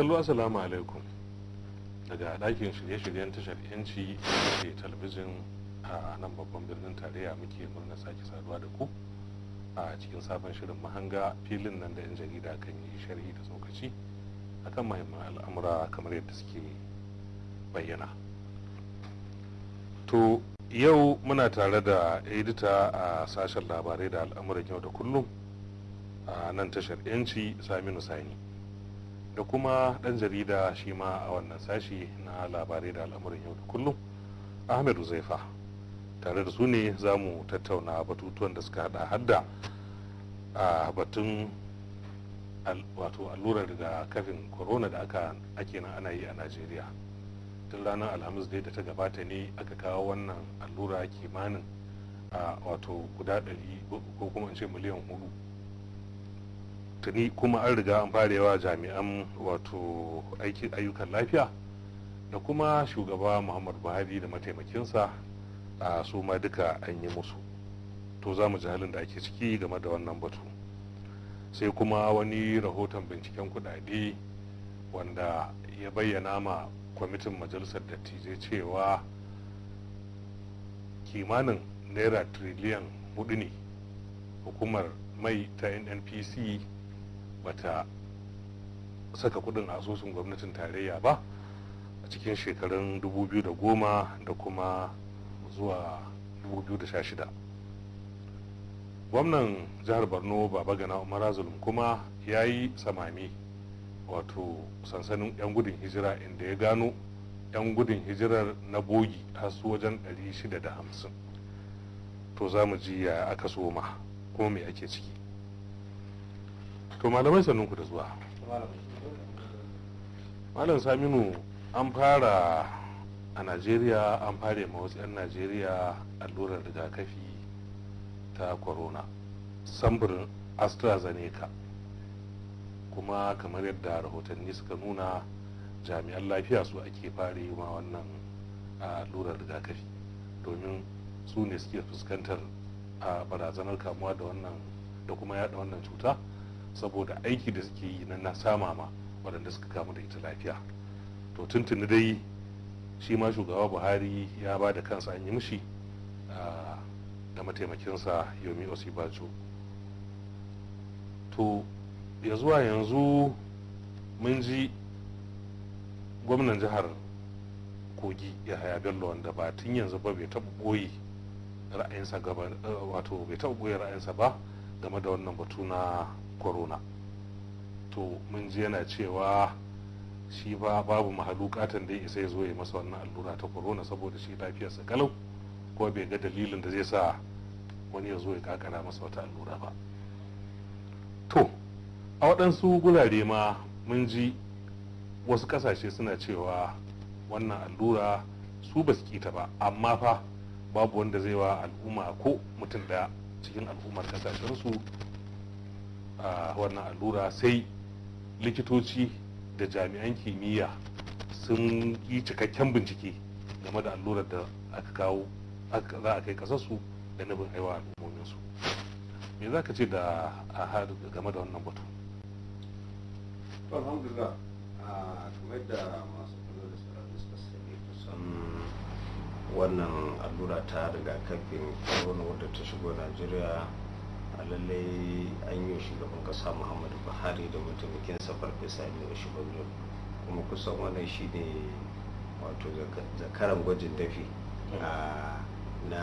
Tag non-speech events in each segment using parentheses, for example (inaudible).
kallo assalamu alaikum daga ɗakin shirye-shiryen tashar yanci da talabijin a nan babban birnin tarayya muke murna sake saduwa da ku a cikin sabon shirin mahanga filin nan da 'yan jarida kan yi sharhi da tsokaci akan mahimman al'amura kamar yadda suke bayyana to yau muna tare da edita a sashen labarai da al'amuran yau da kullum a nan tashar yanci saminu sani da kuma ɗan jarida shi ma a wannan sashi na labarai da al'amuran yau da kullum ahmed uzaifa tare da su ne za mu tattauna batutuwan da suka hada hadda a batun wato allurar kafin corona da aka ake nan ana yi a najeriya tun ranar alhamis dai da ta gabata ne aka kawo wannan allura kimanin a wato guda 100 ko kuma in ce miliyan hudu tuni kuma an riga an farewa jami'an wato ayyukan lafiya da kuma shugaba muhammad buhari da mataimakinsa a su ma duka an yi musu to za mu ji halin da ake ciki game da wannan batu sai kuma wani rahoton binciken kudade wanda ya bayyana ma kwamitin majalisar dattijai cewa kimanin naira triliyan hudu ne hukumar mai ta nnpc bata saka kudin asusun gwamnatin tarayya ba a cikin shekarun 2010 da kuma zuwa 2016 gwamnan jihar borno baba gana umar zulum kuma ya yi samami wato sansanin 'yan gudun hijira inda ya gano 'yan gudun hijirar na bogi su wajen 650 to za mu ji ya aka soma kuma me ake ciki to malamai sannan ku da zuwa malam saminu an fara a najeriya an fara ma wasu 'yan najeriya allurar rigakafi ta corona samburin astrazeneca kuma kamar yadda rahotanni suka nuna jami'an lafiya su ake fara yi ma wannan allurar rigakafi domin su ne suke fuskantar a barazanar kamuwa da wannan da kuma yada wannan cuta saboda aiki da suke yi na sama ma waɗanda suka kamu da ita lafiya to tuntuni dai shi ma shugaba buhari ya ba da kansa an yi mishi da mataimakinsa yomi osibajo to ya zuwa yanzu mun ji gwamnan jihar kogi ya haya bello wanda ba tun yanzu ba bai taɓa ɓoye ra'ayinsa wato bai taɓa ɓoye ra'ayinsa ba game da wannan batu na corona to mun ji yana cewa shi ba babu mahalukatan da ya isa ya zo ya masa wannan allura ta corona saboda shi lafiyar sa kalau ko bai ga dalilin da zai sa wani ya zo ya kakara masa wata allura ba to a waɗansu gurare ma mun ji wasu ƙasashe suna cewa wannan allura su ba su kita ba amma fa babu wanda zai wa al'umma ko mutum ɗaya cikin al'ummar ƙasashensu A wannan allura sai likitoci da jami'an kimiyya sun yi cikakken bincike game da allurar da aka kawo za a kai kasarsu da nufin aiwa al'ummominsu me za ka ce da a haɗu game da wannan batu masu da sarari suka sani wannan allura ta rigakafin corona wadda ta shigo najeriya lallai an yi shugaban kasa muhammadu buhari da mataimakin safar fesa ne shi kuma kusan wannan shi ne wato zakaran gwajin dafi hmm. na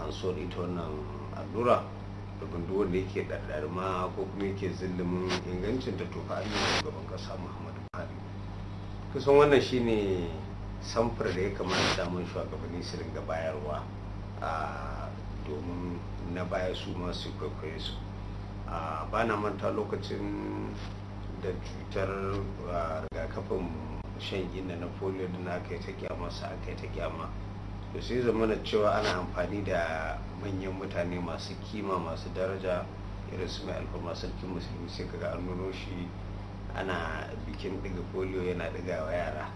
an so ita wannan allura domin duk wanda yake ɗaɗɗar ma ko kuma yake zillimin ingancin ta tofa an yi shugaban kasa muhammadu buhari kusan wannan shi ne samfur da ya kamata damun shugabanni su ringa bayarwa a domin na baya su masu kwaikwayo su ba na manta lokacin da cutar rigakafin shan gina na polio da na kai ta kyama su aka yi ta kyama to sai zamana cewa ana amfani da manyan mutane masu kima masu daraja irin su mai masu sarkin musulmi sai kaga an nuno shi ana bikin ɗiga polio yana ɗigawa yara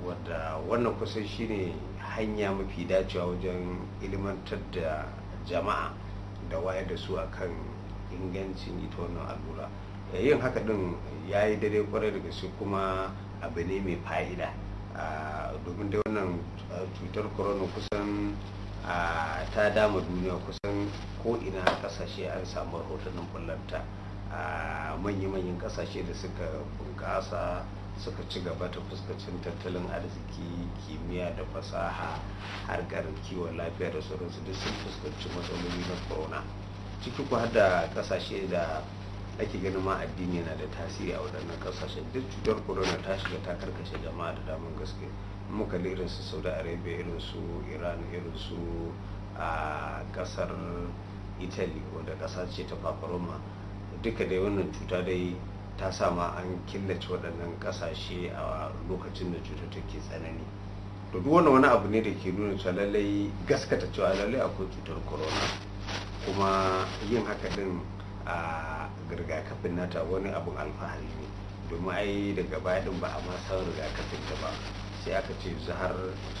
wadda wannan kusan shine hanya mafi dacewa wajen ilimantar da jama'a da wayar da su akan ingancin ita wannan allura eh, yin haka din ya yi dare kwarai da gaske kuma abu ne mai fa'ida ah, domin da wannan ah, cutar corona kusan ah, ta dama duniya kusan ko'ina kasashe an samu rahotannin kullanta manya manyan kasashe da suka bunƙasa suka ci gaba ta fuskacin tattalin arziki kimiyya da fasaha harkar kiwon lafiya da sauransu duk sun fuskanci matsaloli na corona ciki kuwa da kasashe da ake ganin ma addini yana da tasiri a waɗannan kasashe duk cutar corona ta shiga ta karkashe jama'a da daman gaske muka irin su saudi arabia irin su iran irin su a kasar italy wanda ƙasa ce ta fafaroma duka dai wannan cuta dai ta sama an killace waɗannan ƙasashe a lokacin da cutar take tsanani to duk wannan wani abu ne da ke nuna cewa lallai gaskata cewa lallai akwai cutar corona kuma yin haka din a rigakafin nata wani abun alfahari ne domin ai daga baya din ba a ma san rigakafin ta ba sai aka ce har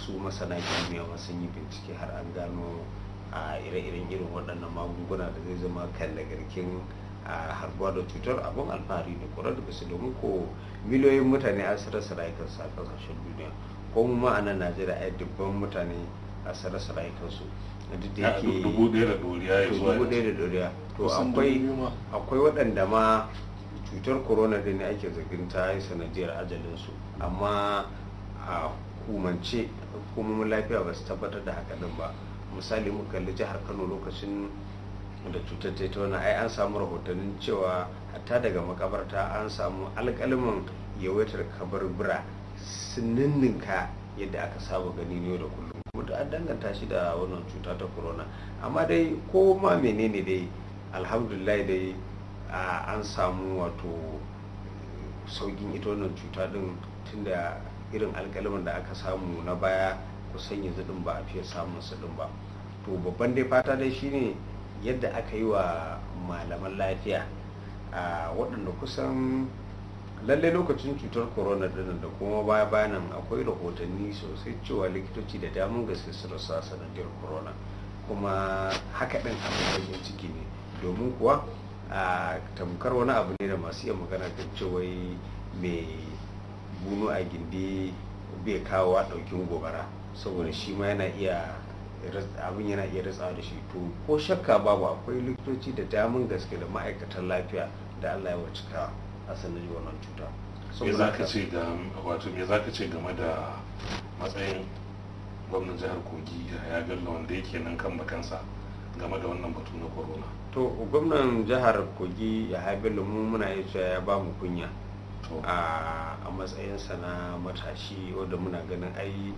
su masana kimiyya ma sun yi bincike har an gano a ire-iren irin waɗannan magunguna da zai zama kan garkin a harbuwa da cutar abin alfahari ne kwarar da su domin ko miliyoyin mutane an rasa su a kasashen duniya ko mu ma a nan najeriya a dubban mutane a rasa rayukansu duk da yake dubu ɗaya da doriya ya zuwa dubu ɗaya da doriya to akwai akwai waɗanda ma cutar corona da ne ake zargin ta yi sanadiyar su amma a hukumance hukumomin lafiya ba su tabbatar da haka ba misali mu kalli jihar kano lokacin da cutar wani ai an samu rahotannin cewa hatta daga makabarta an samu alƙalmin yawaitar kabarbura sun ninninka yadda aka saba gani ne da kullum kuma an danganta shi da wannan cuta ta corona amma dai ko ma menene dai alhamdulillah dai an samu wato saukin ita wannan cuta din tunda irin alƙalmin da aka samu na baya kusan yanzu din ba a fiye samun su din ba to babban dai fata dai shine yadda aka yi wa malaman lafiya a waɗanda kusan lalle lokacin cutar corona dinnan da kuma baya bayanan akwai rahotanni sosai cewa likitoci da damun gaske su rasa sanadiyar corona kuma haka ɗin abin ciki ne domin kuwa a tamkar wani abu ne da masu iya magana kan cewa mai bunu a gindi bai kawo a ɗaukin gobara saboda shi ma yana iya abin yana iya ratsawa da shi to ko shakka babu akwai likitoci da damun gaske da ma'aikatan lafiya da allah ya wacika a sanar wannan cuta me za ka ce game da matsayin gwamnan jihar kogi ya bello wanda yake nan kan bakansa game da wannan batu na corona to gwamnan jihar kogi ya bello mu muna yi cewa ya ba mu kunya a matsayinsa na matashi wadda muna ganin ai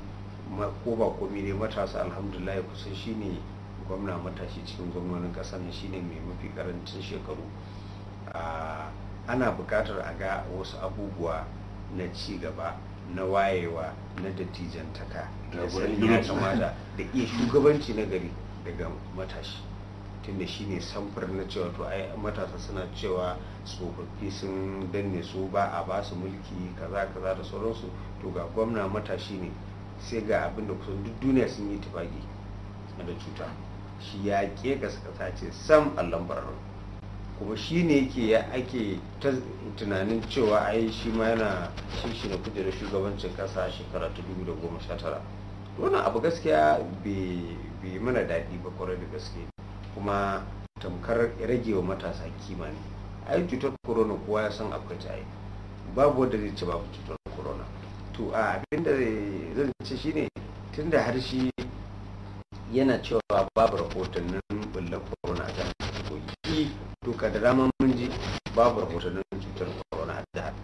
ko ba komi ne matasa alhamdulillah kusan shine gwamna matashi cikin gwamnonin ƙasar shine mai mafi karancin shekaru ana bukatar a ga wasu abubuwa na ci gaba na wayewa na dattijantaka da kamata da iya shugabanci na gari daga matashi tun shi ne samfur na cewa to ai matasa suna cewa tsofaffi sun danne su ba a ba mulki kaza kaza da sauransu to ga gwamna matashi ne sai ga abin da kusan duk duniya sun yi tufagi da cuta shi ya ke kasa ce sam allon barno kuma shi ne yake ya ake tunanin cewa yi shi ma yana shi na kujerar shugabancin kasa shekara ta tara. wannan abu gaskiya bai mana daɗi ba kwarai da gaske kuma tamkar rage wa matasa kima ne ai cutar corona kowa ya san akwai ta babu wanda zai ci babu cutar to a abinda zan ce shine tun da harshe yana cewa babu rahotannin bullar corona ta kogi to da ma mun ji babu rahotannin cutar corona a jihar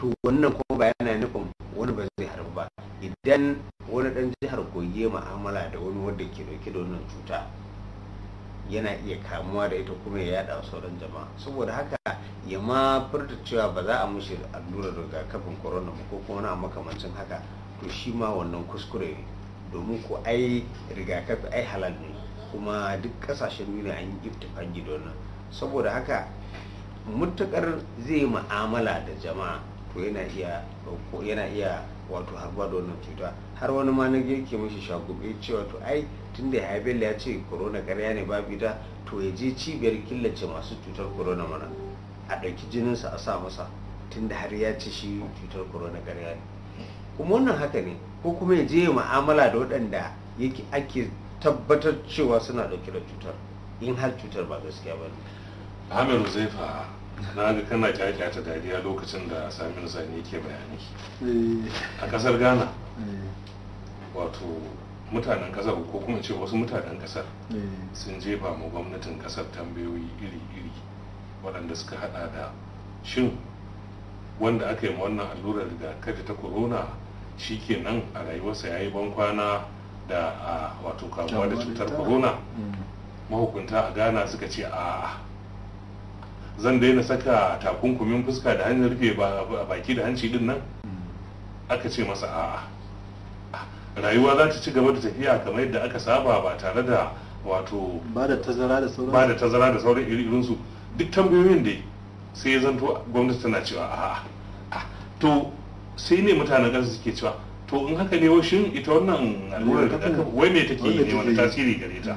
to wannan kuma ba yana nufin wani ba zai harbu ba idan wani dan jihar kogi ma'amala da wani wanda ke dauke da wannan cuta yana iya kamuwa da ita kuma ya yada sauran jama'a saboda haka ya ma furta cewa ba za a mushi allurar rigakafin corona ba ko kuma wani makamancin haka to shi ma wannan kuskure ne domin ko ai rigakafi ai halal ne kuma duk kasashen duniya an yi fangi da wannan saboda haka mutukar zai ma'amala da jama'a to yana iya yana iya wato harba da wannan cuta har wani ma na ke mishi shagube cewa to ai tunda ya bello ya ce korona karya ne babu ita to ya je cibiyar killace masu cutar corona mana a ɗauki jininsa a sa masa tunda har ya ce shi cutar corona karya ne kuma wannan haka ne ko kuma ya je ma'amala da waɗanda yake ake tabbatar cewa suna ɗauki da cutar in har cutar ba gaskiya ba ne ahmed na ga kana dariya lokacin da samir zane ke bayani eh. a ƙasar ghana eh. wato mutanen kasar ko kuma ce wasu mutanen kasar mm. sun jefa mu gwamnatin kasar tambayoyi iri-iri waɗanda suka hada da shin wanda aka yi wannan allurar da rigakafi ta corona shi ke nan a rayuwarsa ya yi bankwana da wato kamuwa da cutar corona mm. mahukunta a ghana suka ce a zan daina saka takunkumin fuska da hanyar rufe baki da hanci din nan mm. aka ce masa a'a rayuwa za ta ci gaba da tafiya kamar yadda aka saba ba tare da wato ba da tazara da sauran iri irin su duk tambayoyin da sai ya zanto gwamnati tana cewa a'a to sai ne mutanen kansu suke cewa to in haka ne shin ita wannan allurar wai me take yi ne wani tasiri gare ta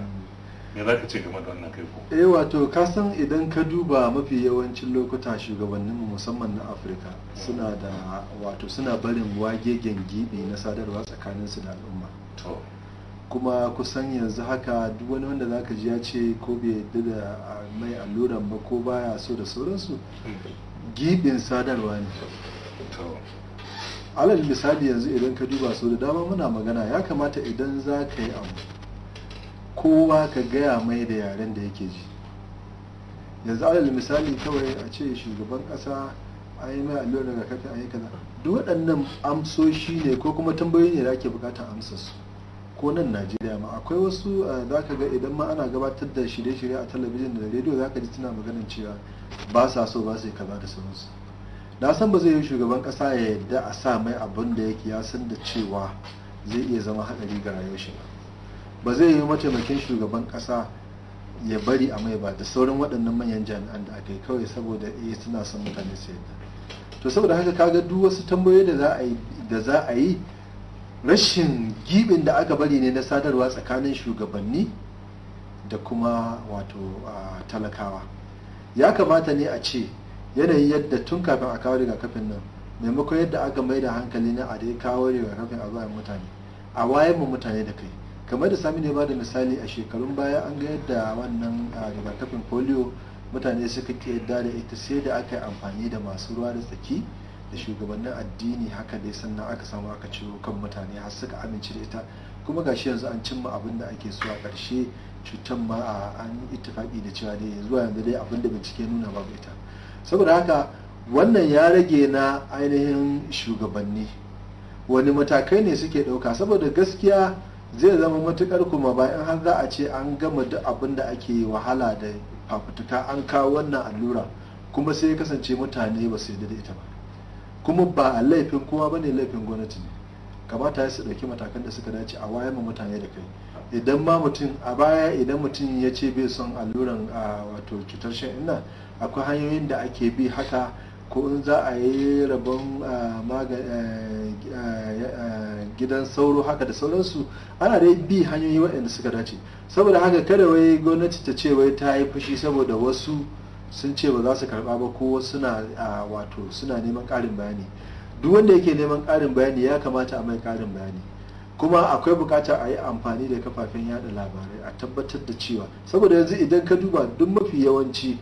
me za ka ce game da wannan eh wato ka san idan ka duba mafi yawancin lokuta shugabanninmu musamman na afirka suna da wato suna barin wage gengibi na sadarwa tsakaninsu da al'umma to kuma kusan yanzu haka duk wani wanda za ka ji ya ce ko bai yadda da mai alluran ba ko baya so da sauransu gibin sadarwa ne alal misali yanzu idan ka duba so da dama muna magana ya kamata idan za ka yi abu kowa ka gaya mai da yaren da yake ji yanzu alal misali kawai a ce shugaban ƙasa a yi mai daga rigakafi a yi kaza duk waɗannan amsoshi ne ko kuma tambayoyi ne da ake bukata amsa su ko nan najeriya ma akwai wasu za ka ga idan ma ana gabatar da shirye-shirye a talabijin da rediyo za ka ji suna maganin cewa ba sa so ba sai kaza da sauransu na san ba zai yi shugaban kasa ya yarda a sa mai abin da yake ya san da cewa zai iya zama haɗari ga rayuwar shi ba ba zai yi mataimakin shugaban kasa ya bari a mai ba da saurin waɗannan manyan jami'an da aka yi kawai saboda eh suna son mutane su yadda to saboda haka kaga duk wasu tambayoyi da za a yi rashin gibin da aka bari ne na sadarwa tsakanin shugabanni da kuma wato talakawa ya kamata ne a ce yanayi yadda tun kafin a kawo rigakafin nan maimakon yadda aka mai da hankali na a dai kawo rigakafin a bayan mutane a wayan mu mutane da kai kamar da sami ne ba da misali a shekarun baya an ga yadda wannan rigakafin polio mutane suka ke yadda da ita sai da aka yi amfani da masu ruwa da tsaki da shugabannin addini haka dai sannan aka samu aka ciro kan mutane har suka amince da ita kuma gashi yanzu an cimma abin da ake so a ƙarshe cutar ma a an ittifaki da cewa dai zuwa yanzu dai abin da bincike nuna babu ita saboda haka wannan ya rage na ainihin shugabanni wani matakai ne suke ɗauka saboda gaskiya zai zama matukar kuma bayan har za a ce an gama duk abin da ake wahala da fafutuka an kawo wannan allura kuma sai ya kasance mutane ba su da ita ba kuma ba laifin kowa ba ne laifin gwamnati ne kamata ya su ɗauki matakan da suka dace a wayar ma mutane da kai idan ma mutum a baya idan mutum ya ce bai son alluran a wato cutar shan inna akwai hanyoyin da ake bi haka ko in za a yi rabon eh, eh, eh, gidan sauro haka da sauransu ana dai bi hanyoyi waɗanda suka dace saboda haka kada wai gwamnati ta ce wai ta yi fushi saboda wasu sun ce ba za su karba ba ko suna a wato suna neman ƙarin bayani duk wanda yake neman ƙarin bayani ya kamata a mai ƙarin bayani kuma akwai buƙatar a yi amfani da kafafen yada labarai a tabbatar da cewa saboda yanzu idan ka duba duk mafi yawanci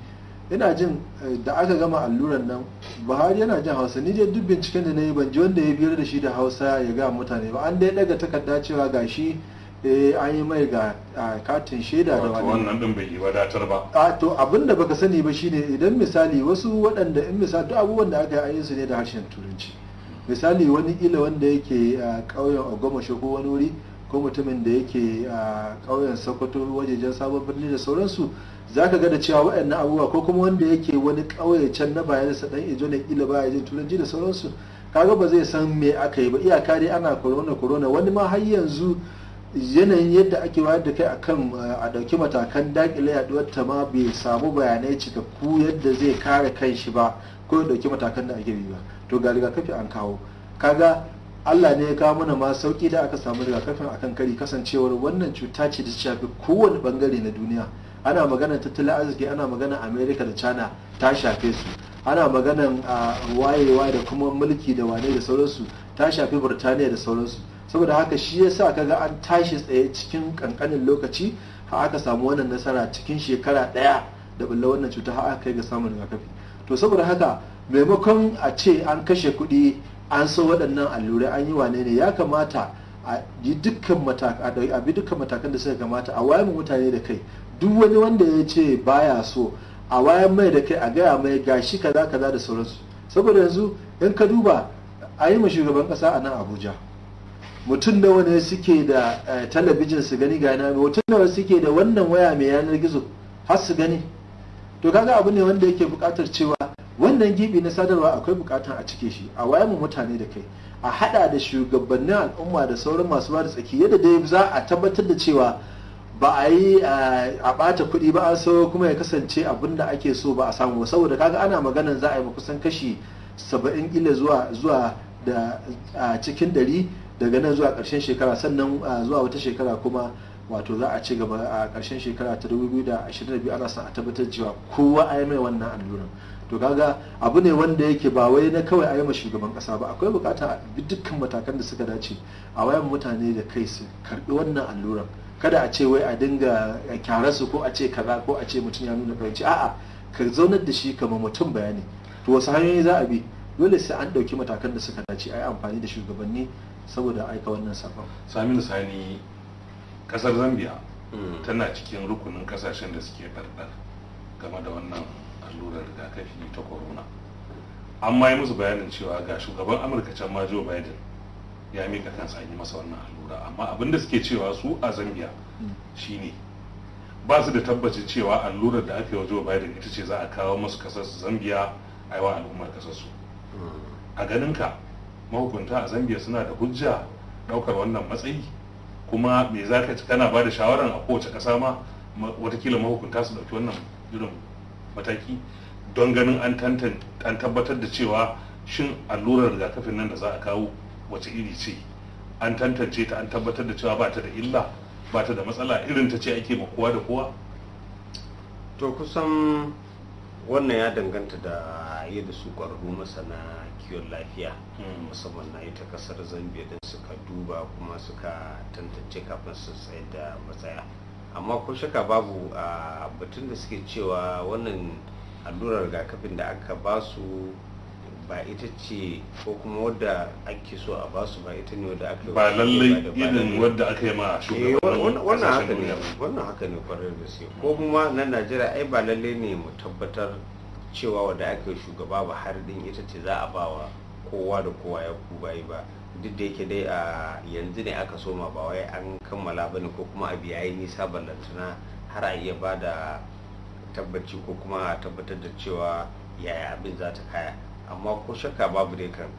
ina jin eh, da aka gama alluran nan buhari yana jin hausa ni dai duk binciken da na yi ban ji wanda ya biyar da shi da hausa ya ga mutane ba an dai daga takarda cewa ga shi eh, an yi mai ga katin shaida da wani wannan din bai wadatar ba a to abin da baka sani ba shine idan misali wasu waɗanda in misali duk abubuwan da aka yi su ne da harshen turanci misali wani ila wanda yake a ƙauyen ogomasho ko wani wuri ko mutumin da yake a ƙauyen sokoto wajejen sabon birni da sauransu za ka ga da cewa waɗannan abubuwa ko kuma wanda yake wani ƙauye can na bayansa ɗan ijo ne ƙila ba ya jin turanci da sauransu kaga ba zai san me aka yi ba iyaka dai ana korona korona wani ma har yanzu yanayin yadda ake wayar da kai akan a ɗauki matakan daƙile yaɗuwar ta ma bai samu bayanai cikakku yadda zai kare kan shi ba ko ya ɗauki matakan da ake ba to ga rigakafi an kawo kaga Allah ne ya kawo mana ma sauki da aka samu rigakafin akan kari kasancewar wannan cuta ce da ta shafi kowane bangare na duniya ana maganar tattalin arziki ana maganar Amerika da china ta shafe su ana maganar wayewa da kuma mulki da wane da sauransu ta shafi burtaniya da sauransu saboda haka shi ya yasa kaga an tashi tsaye cikin kankanin lokaci har aka samu wannan nasara cikin shekara daya da bulla wannan cuta har aka kai ga samun rigakafi to saboda haka maimakon a ce an kashe kuɗi an so waɗannan allurai an yi wane ne ya kamata a bi dukkan matakan da suka kamata a wayar mutane da kai duk wani wanda ya ce baya so a wayan mai da kai a gaya mai gashi kaza kaza da sauransu saboda yanzu in ka duba a yi ma shugaban kasa a nan abuja mutum da wani suke da eh, talabijin su gani ga mai mutum nawa suke da wannan waya mai yanar gizo har su gani to kaga abu ne wanda yake buƙatar cewa wannan gibi na sadarwa akwai buƙatar a cike shi a wayan mu mutane da kai a hada da shugabannin al'umma da sauran masu ba da tsaki yadda dai za a tabbatar da cewa ba a yi a bata kuɗi ba a so kuma ya kasance abin da ake so ba a samu saboda kaga ana maganan za a yi kusan kashi saba'in ila zuwa zuwa a cikin ɗari daga nan zuwa ƙarshen shekara sannan zuwa wata shekara kuma wato za a ci gaba a ƙarshen shekara ta 2022 ana son a tabbatar cewa kowa a yi mai wannan alluran to kaga abu ne wanda yake ba wai na kawai a yi shugaban kasa ba akwai bukata dukkan matakan da suka dace a wayan mutane da kai su karbi wannan alluran kada a ce wai a dinga kyararsu ko a ce kaza ko a ce mutum ya nuna fahimci a'a ka zaunar da shi kama mutum bayani to wasu hanyoyi za a bi dole sai an ɗauki matakan da suka dace a yi amfani da shugabanni saboda aika wannan sabon saminu sani kasar zambia hmm. tana cikin rukunin kasashen da suke ɗarɗar game da wannan allurar rigakafi ta corona an ma yi musu bayanin cewa ga shugaban amurka can ma joe biden ya mika kansa yi masa wannan lura amma abin da suke cewa su a zambia shine ba su da tabbacin cewa allurar da aka yi wa joe biden ita ce za a kawo masu kasar zambia a yawan al'ummar kasar su a ganin ka mahukunta a zambia suna da hujja daukar wannan matsayi kuma me za ka kana ba da shawaran a kowace kasa ma watakila mahukunta su dauki wannan irin mataki don ganin an tabbatar da cewa shin allurar rigakafin nan da za a kawo wace iri ce an tantance ta an tabbatar da cewa ba ta da illa ba ta da matsala irin ta ce ake ma kowa da kowa to kusan wannan ya danganta da yadda su ƙwararru masana kiwon lafiya hmm. musamman na ita kasar zambia don suka duba kuma suka tantance kafin su tsaya da matsaya amma ko shaka babu a ah, batun da suke cewa wannan allurar rigakafin da aka ba su ba ita ce ko kuma wadda ake so a basu ba ita ne wadda aka yi ba lallai irin wadda aka yi ma a shugaban eh, wannan haka ne wannan haka ne kwarar da su ko kuma na najeriya ai ba lallai ne mu tabbatar cewa wadda aka yi shugaba ba har din ita ce za a ba wa kowa da kowa ya ku bayi ba duk da yake dai a yanzu ne aka soma ba wai an kammala ba ne ko kuma abu yi nisa ballantana har a iya ba da tabbaci ko kuma a tabbatar da cewa yaya abin za ta kaya amma ko shakka babu dai kan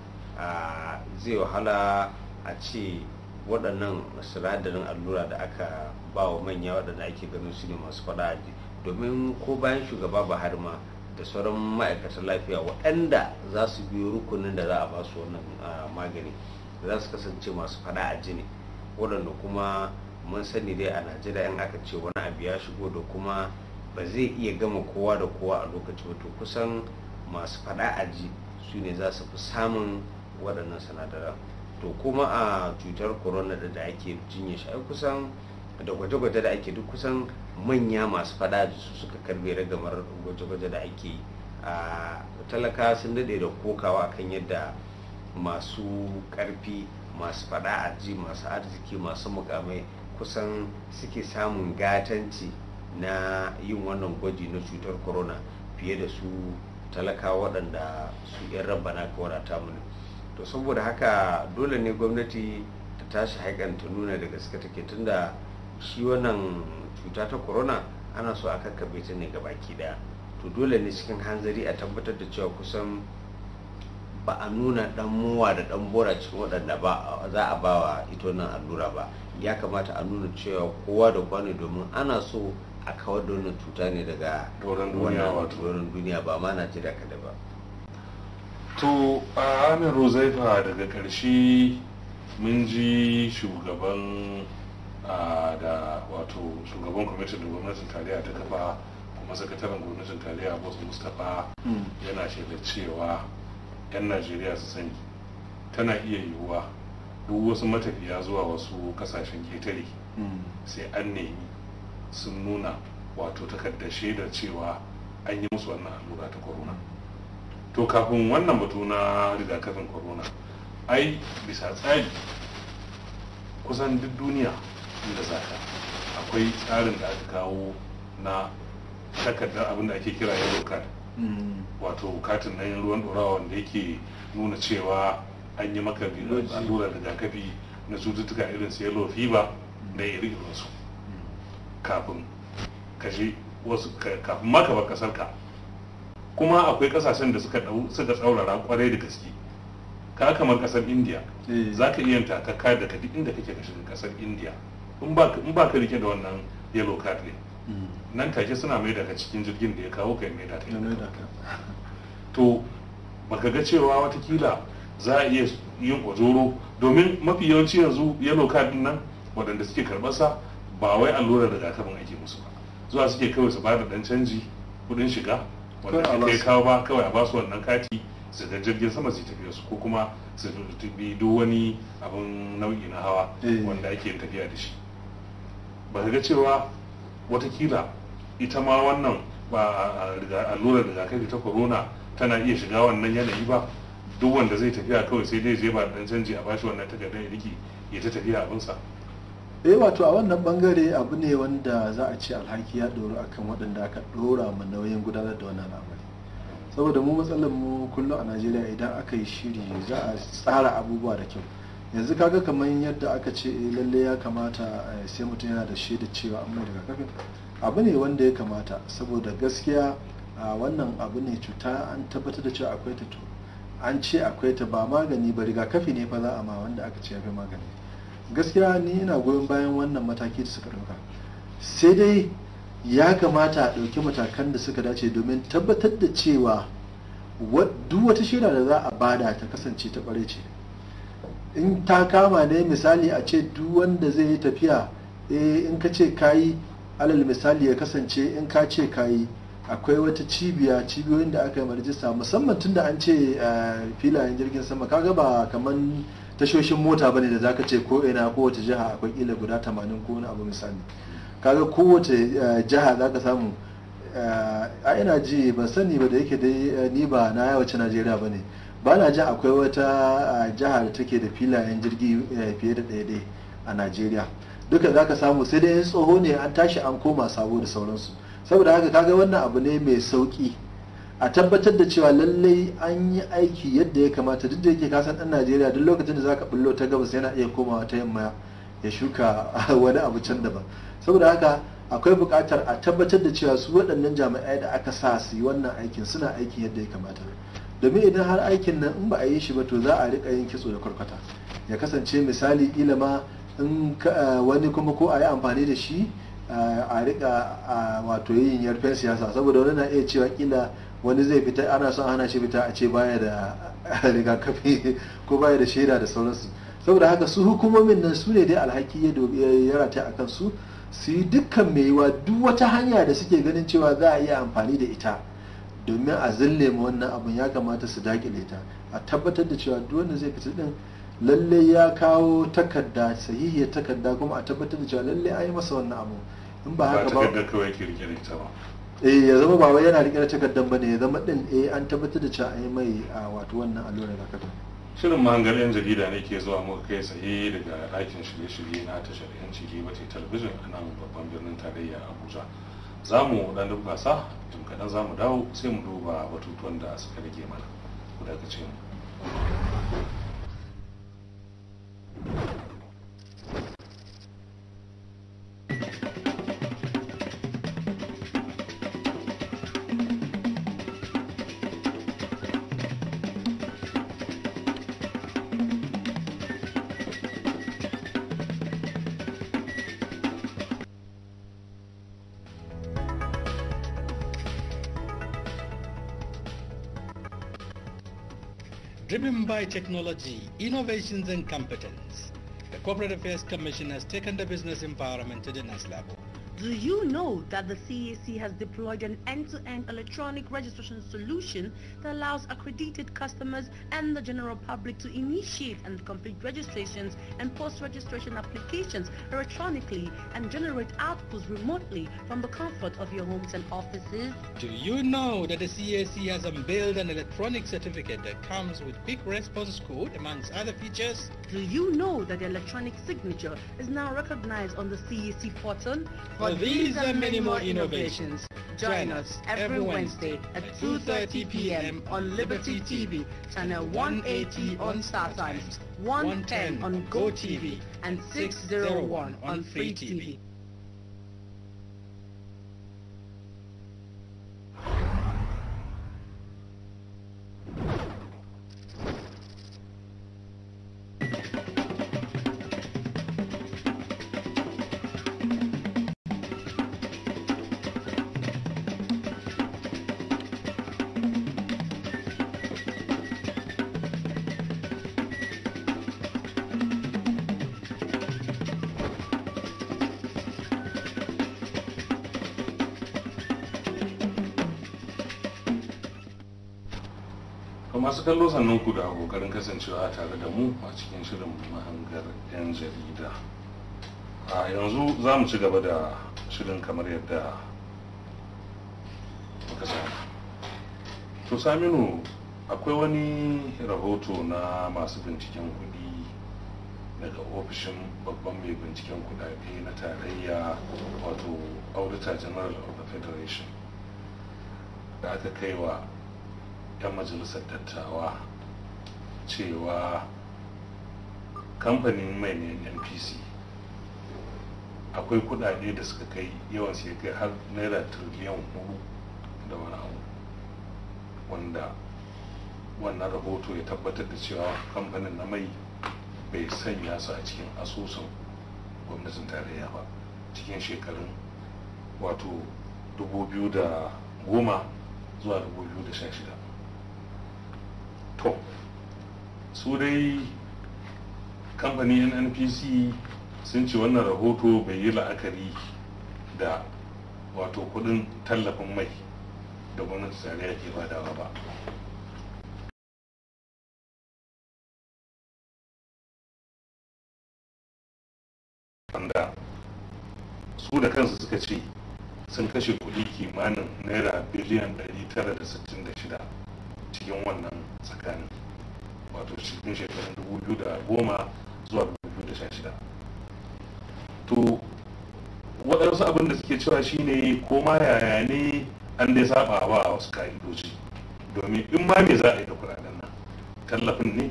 zai wahala a ce waɗannan sinadarin allura da aka ba wa manya waɗanda ake ganin su ne masu faɗa domin ko bayan shugaba har ma da sauran ma'aikatan lafiya waɗanda za su biyo rukunin da za a ba su wannan magani za su kasance masu faɗa a jini waɗanda kuma mun sani dai a najeriya in aka ce wani abu ya shigo da kuma ba zai iya gama kowa da kowa a lokaci wato kusan masu fada aji su ne za su fi samun waɗannan sinadaran to kuma a cutar corona da ake jinya shi ai kusan da gwaje-gwaje da ake duk kusan manya masu fada su suka karbe ragamar gwaje-gwaje da ake a talaka sun daɗe da kokawa kan yadda masu ƙarfi masu fada aji masu arziki masu mukamai kusan suke samun gatanci na yin wannan gwaji na cutar corona fiye da su talaka waɗanda su 'yan rabbana na ta mu to saboda haka dole ne gwamnati ta tashi haikan ta nuna da gaske take tunda shi wannan cuta ta corona ana so a kakkabe ta ne ga baki daya to dole ne cikin hanzari a tabbatar da cewa kusan ba a nuna dan muwa da dan bora cikin waɗanda ba za a bawa wa ita wannan allura ba ya kamata a nuna cewa kowa da kwano domin ana so a kawar da wannan cuta ne daga wannan duniya wato duniya ba ma najeriya kada ba to a amin rozaifa daga karshe mun ji shugaban da wato shugaban kwamitin da gwamnatin tarayya ta kafa kuma sakataren gwamnatin tarayya abbas mustapha hmm. yana shaida cewa 'yan najeriya su sani tana iya yiwuwa duk wasu matafiya zuwa wasu kasashen ketare hmm. sai an nemi sun nuna wato takardar shaidar cewa an yi musu wannan allura ta corona to kafin wannan batu na rigakafin corona ai bisa tsari kusan duk duniya inda zaka akwai tsarin da aka kawo na takardar abin da ake kira yellow card mm. wato katin yin ruwan dorawa wanda yake nuna cewa an yi maka allurar rigakafi na cututtuka irin su yellow fever da irin su kafin ka je wasu kafin maka ba kasar ka kuma akwai kasashen da suka dau suka tsaurara kwarai da gaske ka kamar kasar India eh. za ka iya takaka da duk inda kake ka shiga kasar India in ba ka rike da wannan yellow card ne hmm. nan take suna mai daga cikin jirgin da ya kawo kai mai daga (laughs) to baka ga cewa watakila za a iya yin kwazoro domin mafi yawanci yanzu yellow card nan waɗanda suke karɓarsa ba wai allurar rigakafin ake musu ba zuwa suke kawai su bada dan canji kudin shiga wanda kai kawo ba kawai a basu wannan kati su ga jirgin sama su tafiya su ko kuma su bi duk wani abin nau'i na hawa eh. wanda ake tafiya da shi ba ga cewa watakila ita ma wannan ba allurar rigakafi ta corona tana iya shiga wannan yanayi ba duk wanda zai tafiya kawai sai dai je ba dan canji a bashi wannan takardar ya riki ya ta tafiya abinsa eh wato a wannan bangare abu ne wanda za a ce alhaki ya ɗoru akan waɗanda aka ɗora mu nauyin gudanar da wannan al'amari saboda mu matsalar mu kullum a najeriya idan aka yi shiri za a tsara abubuwa da kyau yanzu kaga kamar yadda aka ce eh, lalle ya kamata eh, sai mutum yana da shaida cewa an daga kafin abu ne wanda ya kamata saboda gaskiya a wannan abu ne cuta an tabbatar da cewa akwai ta to an ce akwai ta ba magani ba rigakafi ne fa za a ma wanda aka ce ya fi magani gaskiya ni ina goyon bayan wannan mataki da suka ɗauka sai dai ya kamata a ɗauki matakan da suka dace domin tabbatar da cewa duk wata shaida da za a bada ta kasance ta ɓare ce in ta kama ne misali a ce duk wanda zai yi tafiya eh, in ka ce kayi alal misali ya kasance in ka ce kayi akwai wata cibiya cibiyoyin da aka yi rajista musamman tun da an ce eh, filayen jirgin sama kaga ba kamar tashoshin mota bane da zaka ce ko ina kowace jiha akwai ila guda 80 ko wani abu misali kaga kowace eh, jiha zaka samu eh, a ina ji ban sani ba da yake dai eh, ni ba na yawace Najeriya bane ba na jin akwai wata jiha da take da filayen jirgi fiye da ɗaya ɗaya a Najeriya duka zaka samu sai dai tsoho ne an tashi an koma sabo da sauransu saboda haka kaga wannan abu ne mai sauki a tabbatar da cewa lallai an yi aiki yadda ya kamata duk da yake kasan ɗan najeriya duk lokacin da za ka bullo ta gabas yana iya komawa ta yamma ya shuka (laughs) wani abu can daban saboda haka akwai buƙatar a tabbatar da cewa su waɗannan jami'ai da aka sa su yi wannan aikin suna aiki yadda ya kamata domin idan har aikin nan in ba a yi shi ba to za a riƙa yin kitso da kwarkwata ya kasance misali ilima in eh, wani kuma ko a yi amfani da shi eh, a riƙa eh, wato yin yarfen siyasa saboda wani na iya cewa kila wani zai fita ana son hana shi fita a ce baya da rigakafi ko baya da shaida da sauransu saboda haka su hukumomin nan su ne dai alhaki ya rata a kansu su yi dukkan mai yiwa duk wata hanya da suke ganin cewa za a iya amfani da ita domin a zille ma wannan abun ya kamata su dakile ta a tabbatar da cewa duk wanda zai fita din lalle ya kawo takarda sahihiya takarda kuma a tabbatar da cewa lalle an yi masa wannan abu in ba haka ba ba eh ya zama ba wai yana rike da takardar ba ne ya zama din eh an tabbatar da cewa yi mai a ah, wato wannan allurar rigakafin shirin mahangar yan jarida ne ke zuwa muka kai tsaye daga ɗakin shirye-shirye na tashar yanci wata talabijin a nan babban birnin tarayya abuja za mu ɗan sa tun kaɗan za mu dawo sai mu duba batutuwan da suka rage mana ku daga ce mu technology, innovations and competence. The Corporate Affairs Commission has taken the business environment to the next level. Do you know that the CAC has deployed an end-to-end electronic registration solution that allows accredited customers and the general public to initiate and complete registrations and post-registration applications electronically and generate outputs remotely from the comfort of your homes and offices? Do you know that the CAC has unveiled an electronic certificate that comes with quick response code amongst other features? Do you know that the electronic signature is now recognized on the CAC portal? For for these and many more innovations, join us every Wednesday at 2.30 p.m. on Liberty TV, channel 180 on StarTimes, 110 on GoTV, and 601 on Free TV. masu kallo sannan ku da kokarin kasancewa tare da mu a cikin shirin mahangar 'yan jarida a yanzu za mu ci gaba da shirin kamar yadda muka sani to saminu akwai wani rahoto na masu binciken kudi daga ofishin babban mai binciken kudade na tarayya wato auditor general of the federation da aka kai wa. ta majalisar dattawa cewa kamfanin mai ne npc akwai kudade da suka kai yawan sai kai har naira tiriliyan hudu da wani abu wanda wannan rahoto ya tabbatar da cewa kamfanin na mai bai sanya su a cikin asusun gwamnatin tarayya ba cikin shekarun wato 2010 zuwa 2016 to su dai kamfanin nnpc sun ci wannan rahoto bai yi la'akari da wato kudin tallafin mai da gwamnati ya ke badawa ba wanda su da kansu suka ce sun kashe kudi kimanin naira biliyan 966 cikin wannan tsakanin wato cikin shekarun 2010 zuwa 2016 to waɗansu abin da suke cewa shine ko ma yaya ne an dai saba ba wasu ka'idoji domin in ba me za a yi da kuɗaɗen nan tallafin ne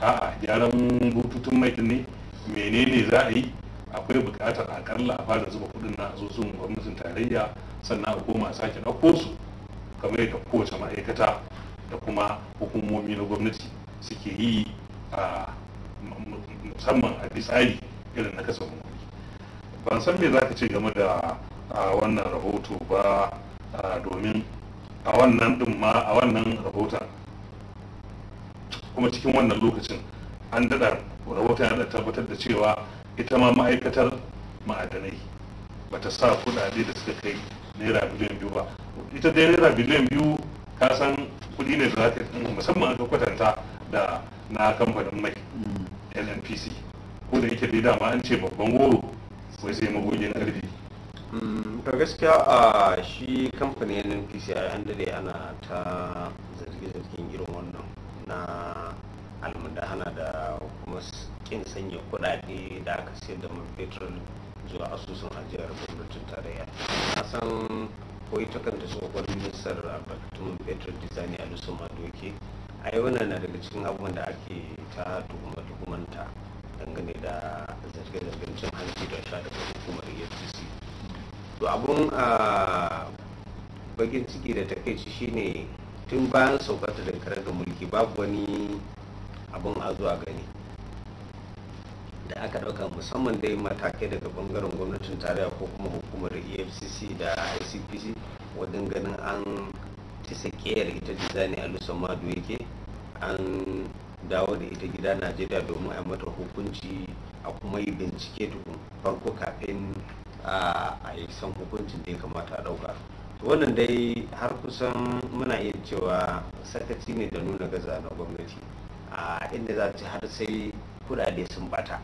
a'a gyaran bututun mai ne menene za a yi akwai buƙatar akalla a fara zuba kuɗin na asusun gwamnatin tarayya sannan a koma sake ɗauko su kamar yadda kowace ma'aikata da kuma hukumomi na gwamnati suke yi a musamman a bisari irin na kasa kuɗi ban san me za ka ce game da wannan rahoto ba domin a wannan din ma a wannan rahoton kuma cikin wannan lokacin an daɗa rahoton ya tabbatar da cewa ita ma ma'aikatar ma'adanai bata sa kuɗaɗe da suka kai naira biliyan biyu ba ita dai naira biliyan biyu ka san kudi ne za ta yi musamman kwatanta da na kamfanin mai lmpc ko da yake dai dama an ce babban goro wai sai na ƙarfi mm, ta gaskiya a shi kamfanin lmpc a yan dare ana ta zarge-zargen irin wannan na almudahana da kuma kin sanya kuɗaɗe da aka sayar da man fetur zuwa asusun ajiyar gwamnatin tarayya a san ko ita kanta tsohuwar ministar albarkatun petro design a lusu madoke a yi wannan na daga cikin abubuwan da ake ta tuhuma tuhumanta dangane da zarge-zargen cin hanci da sha daga hukumar efcc to abun a ah, bakin ciki da takaici shine tun bayan saukar da mulki babu wani abun a zuwa gani da aka ɗauka musamman dai matakai daga bangaren gwamnatin tarayya ko kuma hukumar efcc da icpc wajen ganin an tisa keyar ita gida ne a madu yake an dawo da ita gida najeriya domin a mata hukunci a kuma yi bincike tukun farko kafin a yi san hukuncin da ya kamata a ɗauka wannan dai har kusan muna iya cewa sakaci ne da nuna gaza na gwamnati a inda za ci har sai kudade sun bata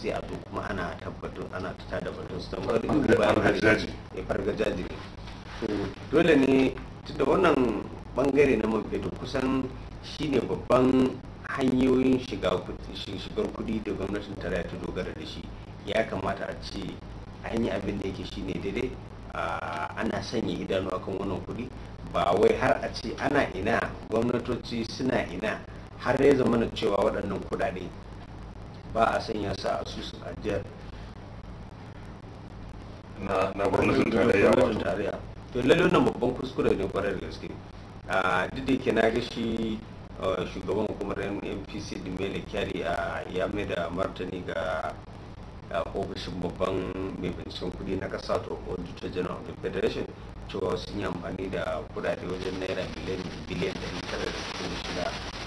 sai a to kuma ana tabbatar ana ta da batun su tambar bayan hari ya fargajaji ne to dole ne tunda wannan bangare na mafi da kusan shine babban hanyoyin shigar kuɗi da gwamnatin tarayya ta dogara da shi ya kamata a ce an yi abin da yake shine daidai ana sanya idanu akan wannan kudi ba wai har a ce ana ina gwamnatoci suna ina har ya zama cewa waɗannan kuɗaɗe. ba a sanya sa a su ajiyar na gwamnatin tarayya to lallai nan babban kuskure ne kwarar da gaske a didi ke na gashi shugaban hukumar npc dimele kyari ya mai da martani ga ofishin babban mai binciken kudi na kasa to auditor general of the federation cewa sun yi amfani da kudade wajen naira biliyan 966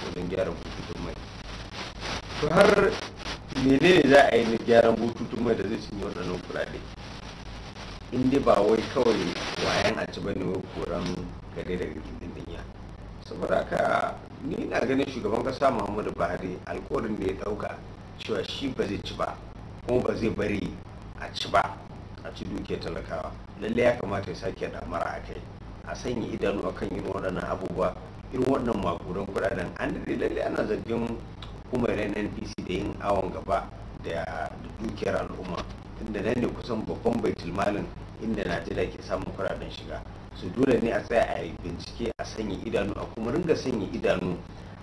wajen gyara bututun mai to har menene za a yi na gyaran bututun mai da zai cinye waɗannan kuɗaɗe in dai ba wai kawai wayan a ci bane wai koran gare da gindin duniya saboda ka, ni na ganin shugaban kasa muhammadu buhari alkawarin da ya ɗauka cewa shi ba zai ci ba kuma ba zai bari a ci ba a ci dukiyar talakawa lallai ya kamata ya sake damara a kai a sanya idanu a kan irin waɗannan abubuwa irin waɗannan makudan kuɗaɗen an daɗe lalle ana zargin hukumar nnpc da yin awon gaba da dukiyar al'umma inda nan ne kusan babban tilmalin inda najeriya ke samun kuraɗen shiga su dole ne a tsaya a yi bincike a sanya idanu a kuma ringa sanya idanu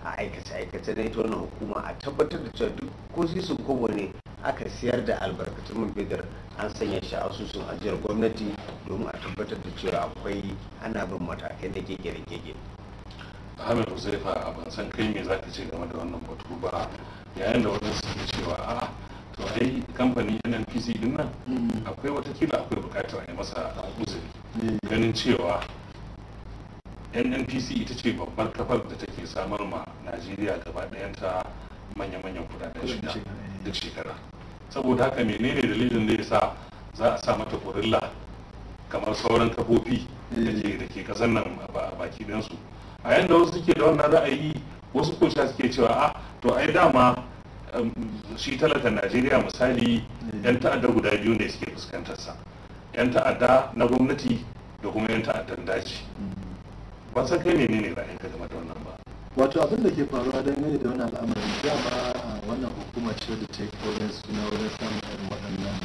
a aikace-aikace na ita wannan hukuma a tabbatar da cewa duk ko sun kowa ne aka siyar da albarkatun man bidar an sanya shi a asusun ajiyar gwamnati domin a tabbatar da cewa akwai ana bin matakai na gege da gege Ahmed Uzaifa ban san kai me zaka ce game da wannan batu ba yayin da wannan suke cewa a ah, to ai kamfanin NNPC din nan mm. akwai kila akwai bukatar a yi masa uzuri mm. ganin cewa NNPC ita ce babbar kafar da take samar ma Najeriya gaba ɗayan ta manya-manyan kudaden shiga eh. duk shekara saboda haka menene dalilin da ya sa za a sa mata gorilla kamar sauran kafofi da ke mm. kasar nan a baki su a yadda wasu suke da wannan ra'ayi wasu kusa suke cewa a ah, to ai dama um, shi talatan najeriya misali yan ta'adda guda biyu ne suke fuskantar sa yan ta'adda na gwamnati da kuma yan ta'addan daji ba san kai ne ne ra'ayin ka game da wannan ba wato abin da ke faruwa dangane da wannan ba a ah, wannan hukumar ce da ta yi suna wajen samun irin waɗannan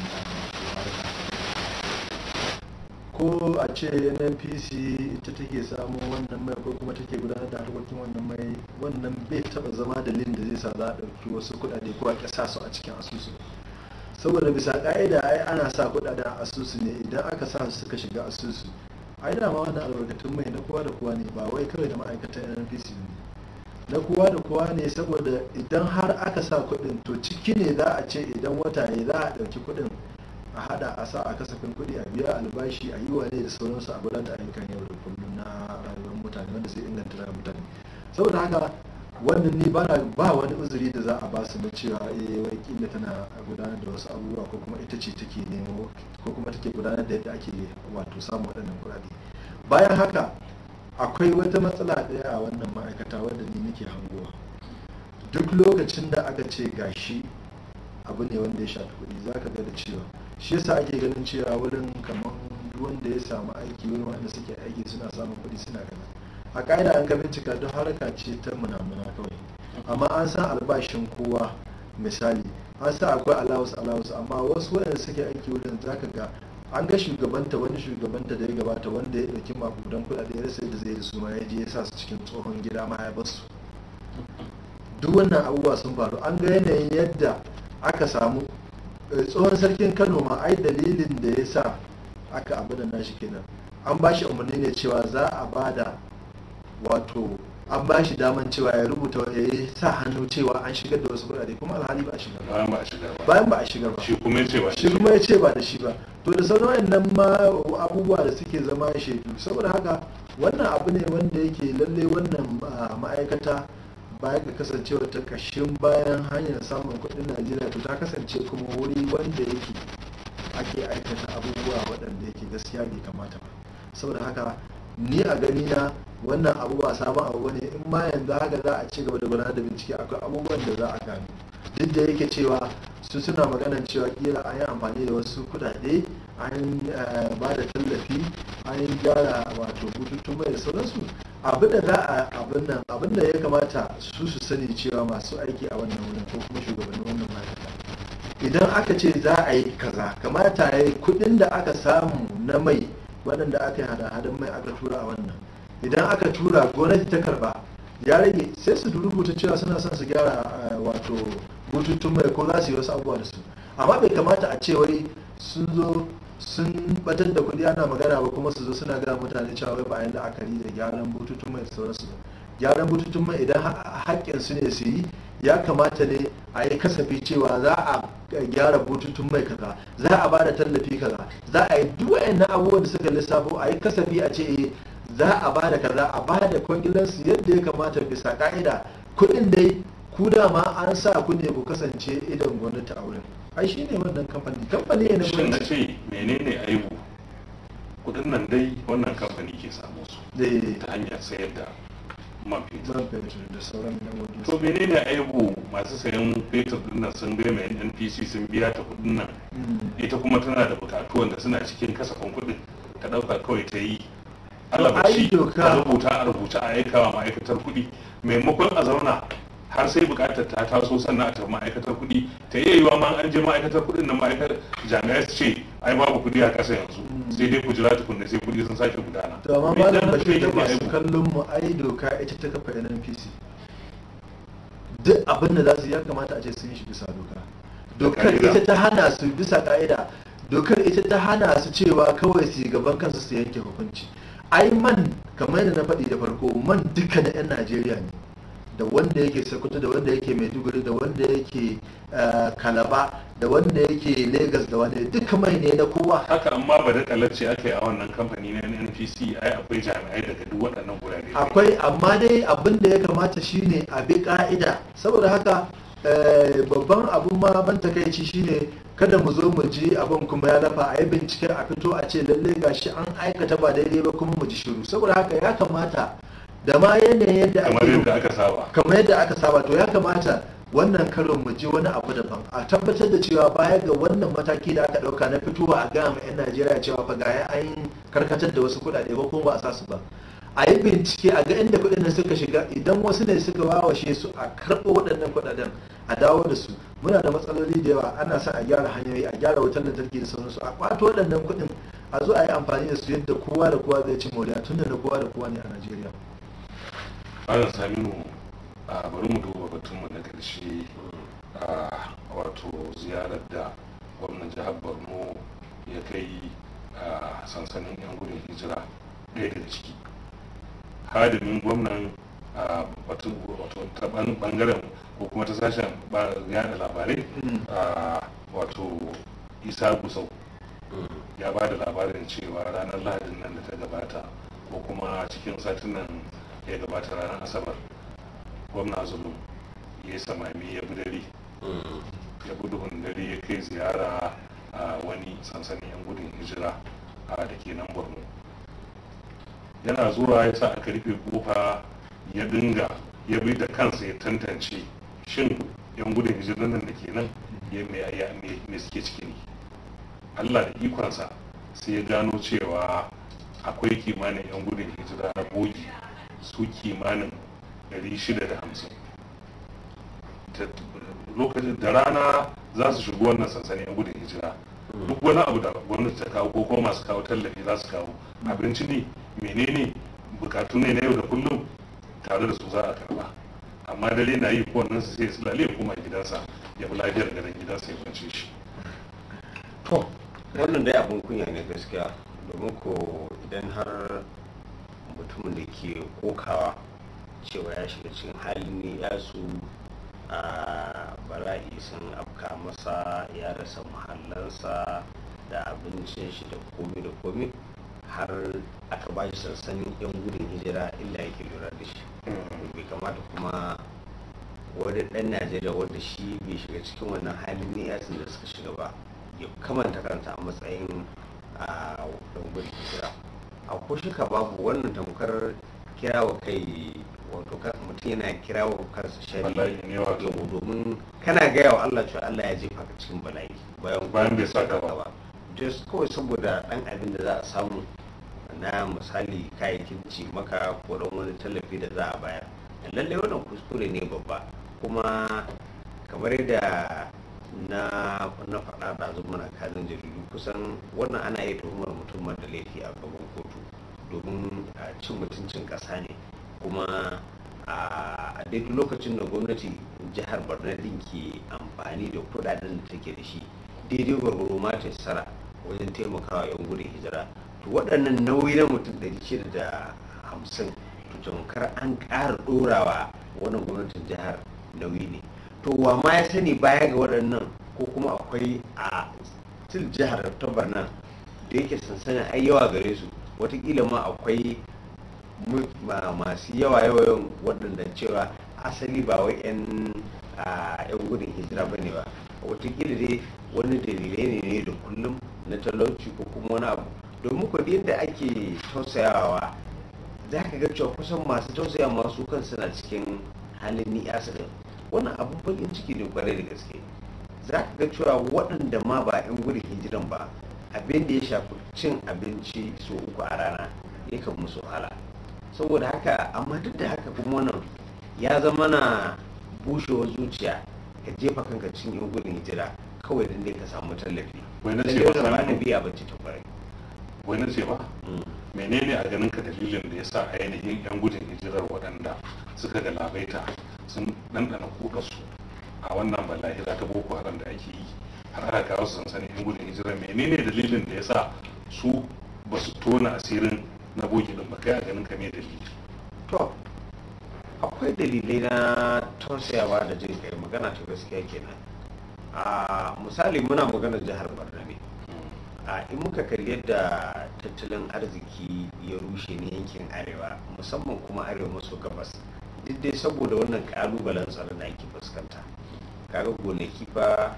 ko a ce nnpc ita take samu wannan mai ko kuma take gudanar da harkokin wannan mai wannan bai taba zama dalilin da zai sa za a ɗauki wasu kuɗaɗe ko a ƙasa su a cikin asusu saboda bisa ƙa'ida ai ana sa kuɗaɗen asusu ne idan aka sa su suka shiga asusu ai dama wannan albarkatun mai na kowa da kowa ne ba wai kawai da ma'aikatan nnpc ne na kowa da kowa ne saboda idan har aka sa kuɗin to ciki ne za a ce idan wata ya za a ɗauki kuɗin a hada a sa a kasafin kuɗi a biya albashi a yi wane da sauransu a gudanar ayyukan yau da kullum na rayuwar mutane wanda zai inganta rayuwar mutane saboda haka wannan ni ba ba wani uzuri da za a ba su na cewa eh wai kila tana gudanar da wasu abubuwa ko kuma ita ce take nemo ko kuma take gudanar da yadda ake wato samun waɗannan kuɗaɗe bayan haka akwai wata matsala ɗaya a wannan ma'aikata wadda ni nake hangowa duk lokacin da aka ce gashi abu ne wanda ya shafi kuɗi za ka ga da cewa shi yasa ake ganin cewa wurin kamar wanda ya samu aiki wurin wanda suke aiki suna samun kuɗi suna gana a ka'ida an ka bincika don harka ce ta munamuna kawai amma an san albashin kowa misali an sa akwai allowance allowance amma wasu waɗanda suke aiki wurin zaka ga an ga shugabanta wani shugabanta da ya gabata wanda ya ɗauki makudan kuɗaɗe ya rasa da zai da su ma ya je ya sa su cikin tsohon gida ma ya basu duk wannan abubuwa sun faru an ga yanayin yadda aka samu tsohon sarkin kano ma ai dalilin da ya sa aka abu da nashi kenan an ba shi umarni ne cewa za a ba da wato an ba shi daman cewa ya rubuta ya yi sa hannu cewa an shigar da wasu kudade kuma alhali ba a shigar ba bayan ba a shigar ba shi kuma ya ce ba da shi ba to da sauran nan ma abubuwa da suke zama shaidu saboda haka wannan abu ne wanda yake lalle wannan ah, ma'aikata baya ga kasancewa ta kashin bayan hanyar samun kudin najeriya to ta kasance kuma wuri wanda yake ake aikata abubuwa waɗanda yake gaskiya bai kamata ba saboda haka ni a gani na wannan abu ba sabon abu ne in ma yanzu haka za a ci gaba da gudanar da bincike akwai abubuwan da za a gano duk da yake cewa su suna maganar cewa kila an yi amfani da wasu kudade an eh, ba da tallafi an yi gyara wato bututun mai da sauransu abin da za a abin nan abin da ya kamata su su sani cewa masu aiki a wannan wurin ko kuma shugabannin wannan ma'aikata idan aka ce za a yi kaza kamata ya yi kudin da aka samu na mai waɗanda aka yi hada-hadan mai aka tura a wannan idan aka tura gwamnati ta karba ya rage sai su rubuta cewa suna son su gyara eh, wato bututun mai ko za su yi wasu abubuwa da su amma bai kamata a ce wai sun zo sun batar da kuɗi ana magana ba kuma su zo suna gaya mutane cewa wai bayan da aka da gyaran bututun mai sauransu ba gyaran bututun mai idan haƙƙin su ne su yi ya kamata ne a yi kasafi cewa za a gyara bututun mai kaza za a bada tallafi kaza za a yi duk na abubuwan da suka lissafo a yi kasafi a ce eh, za a bada kaza a bada kwangilan su yadda ya kamata bisa ka'ida kuɗin dai ku dama an sa ku ne ku kasance idan gwamnati a wurin ai shi ne wannan kamfani kamfani ne shi. na ce menene aibu kudin nan dai wannan kamfani ke samu su eh. ta hanyar sayar da man fetur da sauran dangogi to menene aibu masu sayan fetur din nan sun bai mai NPC sun biya ta kudin nan mm. ita kuma tana da bukatu wanda suna cikin kasafin kudin ta dauka kawai ta yi alabashi a rubuta a rubuta a aikawa ma'aikatar kudi maimakon a zauna har sai bukatar ta taso sannan a tafi ma'aikatar kuɗi ta iya yiwa ma an je ma'aikatar kuɗin na ma'aikatar jami'ai su ce ai babu kuɗi a ƙasa yanzu sai dai ku jira tukunna sai kuɗi sun sake gudana. to amma malam bashi da masu kallon mu ai doka ita ta kafa nnpc duk abin da za su ya kamata a ce sun yi shi bisa doka dokar ita ta hana su bisa ka'ida dokar ita ta hana su cewa kawai su gaban kansu su yanke hukunci ai man kamar yadda na faɗi da farko man duka na 'yan najeriya ne da wanda yake sokoto da wanda yake maiduguri da wanda yake kalaba eh, da wanda yake lagos da wanda duka mai ne na kowa haka amma ba da kalace ake a wannan kamfani na npc ai akwai jami'ai daga duk waɗannan gurare akwai amma dai abin da ya kamata shine a bi ka'ida saboda haka eh, babban abun ma ban takaici shine kada mu zo mu ji abin kuma ya lafa a yi binciken a fito a ce lallai gashi an aikata ba daidai ba kuma mu ji shiru saboda haka ya kamata da ma yanayin yadda kamar aka saba kamar yadda aka saba to ya kamata wannan karon mu je wani abu daban a tabbatar da cewa baya ga wannan mataki da aka dauka na fitowa a gama 'yan najeriya cewa fa gaya an karkatar da wasu kudade ba kuma ba a sa su ba a yi bincike a ga inda kudin suka shiga idan wasu ne suka wawashe su a karɓo waɗannan kudaden a dawo da su muna da matsaloli da yawa ana sa a gyara hanyoyi a gyara wutar lantarki da sauransu a kwato waɗannan kudin a zo a yi amfani da su yadda kowa da kowa zai ci moriya tun da kowa da kowa ne a najeriya malam saminu a bari mu duba batunmu na ƙarshe a wato ziyarar da gwamnan jihar borno ya kai a sansanin yan gudun hijira ɗaya daga ciki hadimin gwamnan a batun wato ta bangaren ko kuma ta sashen yada labarai hmm. a wato isa gusau hmm. ya ba da labarin cewa ranar lahadin nan da ta gabata ko kuma cikin satin nan ya gabata ranar asabar gwamna zulum ya samami ya bi dare mm. ya bi duhun dare ya kai ziyara a wani sansanin yan gudun hijira a da ke nan borno yana zuwa ya sa aka rufe kofa ya dinga ya bi da kansa ya tantance shin yan gudun hijira nan da ke nan ya mai suke ciki ne allah da ikonsa sai ya gano cewa akwai kimanin yan gudun hijira na bogi su kimanin 650 lokacin da rana za su shigo wannan sansani a gudun hijira duk wani abu da gwamnati ta kawo ko kuma masu kawo tallafi za su kawo abinci ne menene bukatu ne na yau da kullum tare da su za a karba amma dare na yi kowannen su sai su lale kuma gidansa ya bi lafiyar garin gidansa ya kwance shi to wannan dai abin kunya ne gaskiya domin ko idan har mutumin da ke kokawa cewa ya shiga cikin hali ne ya su a bala'i sun afka masa ya rasa muhallansa da abincin shi da komi da komi har aka ba shi sansanin yan gudun hijira illa yake lura da shi bai kamata kuma wani dan najeriya wanda shi bai shiga cikin wannan hali ne yasin da suka shiga ba ya kamanta kanta a matsayin a gudun hijira a kushika babu wannan tamkar kirawa kai wato mutum yana kirawa kansa shari'a domin kana gaya wa Allah cewa Allah ya jefa ka cikin bala'i bayan bayan bai saka ba just kawai saboda dan abin da za a samu na misali kayayyakin ci maka ko wani tallafi da za a bayar lallai wannan kuskure ne babba kuma kamar yadda na na faɗa da muna kazan jaridu kusan wannan ana iya tuhumar mutum da laifi a gaban kotu domin ah, cin mutuncin ƙasa ne kuma ah, a daidai lokacin da gwamnati jihar borno din ke amfani da kudaden da take da shi daidai gwagwaro ma ta sara wajen taimakawa 'yan gudun hijira to waɗannan nauyi na mutum da da hamsin, to jankar an ƙara ɗorawa wannan gwamnatin jihar nauyi ne to wa ma ya sani baya ga waɗannan ko kuma akwai a ah, til jihar ta nan da yake sansanin ai yawa gare su watakila ma akwai masu yawa yawan waɗanda cewa asali ba wai 'yan gudun hijira ba ne ba watakila dai wani dalilai ne ne da kullum na talauci ko kuma wani abu domin da yadda ake tausayawa za ka ga cewa kusan masu tausaya masu kan suna cikin halin ni ɗin wannan abubuwan ciki ne kwarai da gaske za ka ga cewa waɗanda ma ba 'yan gudun hijiran ba abin da ya shafi cin abinci su uku a rana yakan musu wahala saboda haka amma duk da haka kuma wannan ya zama na bushewar zuciya ka jefa kanka cin yan gudun hijira kawai don dai ka samu tallafi wani ce ba biya mm. bacci menene a ganin ka dalilin da ya sa ainihin yan gudun hijirar waɗanda suka labaita sun ɗanɗana kuɗa a wannan balahira ta boko haram da ake yi har aka su sansanin yan gudun hijira menene dalilin da ya sa su ba su tona asirin na boki din ba kai a ganin kame dalili to akwai dalilai na tausayawa da jin kai magana ta gaskiya kenan a misali muna magana jihar barna ne a in muka kalli yadda tattalin arziki ya rushe ne yankin arewa musamman kuma arewa maso gabas duk dai saboda wannan kalubalen tsaron da ake fuskanta kaga gonaki fa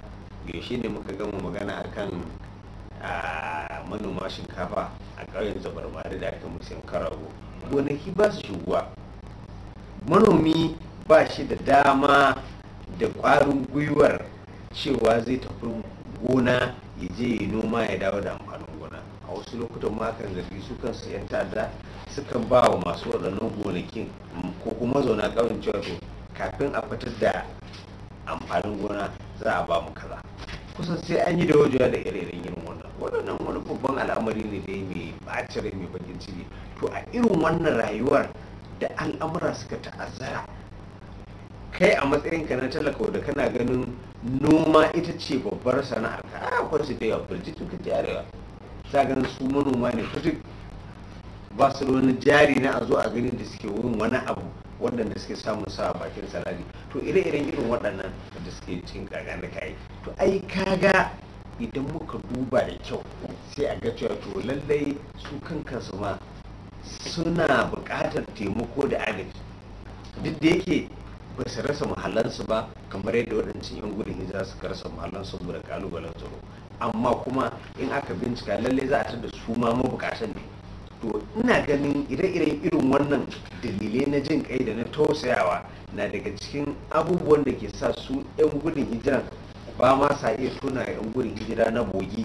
yaushe ne muka gama magana akan a manoma shinkafa a ƙauyen mare da aka musu karago gonaki ba su shigowa manomi ba shi da dama da ƙwarin gwiwar cewa zai tafi gona ya je ya noma ya dawo da amfanin gona a wasu lokutan ma kan zargi su kansu 'yan ta'adda sukan ba wa masu waɗannan gonakin ko kuma zauna ƙauyen cewa kafin a fitar da amfanin gona za a ba mu kaza kusan sai an yi da wajewa da irin irin wannan waɗannan wani babban al'amari ne da mai ɓacin rai mai bakin ciki to a irin wannan rayuwar da al'amura suka ta'azzara kai a matsayinka na talaka da kana ganin noma ita ce babbar sana'a ka ah, akwai kwanci da yawa tun ka arewa za ganin su manoma ne kusur ba su da wani jari na a zo a ganin da suke wurin wani abu waɗanda suke samun sa a bakin salari to ire-iren irin waɗannan da suke cin kagan da kayi to ai kaga idan muka duba da kyau sai a ga cewa to lallai su kan kansu ma suna buƙatar taimako da agaji duk da yake ba su rasa mahallansu ba kamar yadda waɗancan 'yan gudun hijira suka rasa mahallansu saboda kalubalen tsaro amma kuma in aka bincika lallai za a da su ma mabukatan ne to ina ganin ire-iren irin wannan dalilai na jin kai da na tausayawa na daga cikin abubuwan da ke sa su 'yan gudun hijiran ba ma sa iya sunayen gudun hijira na bogi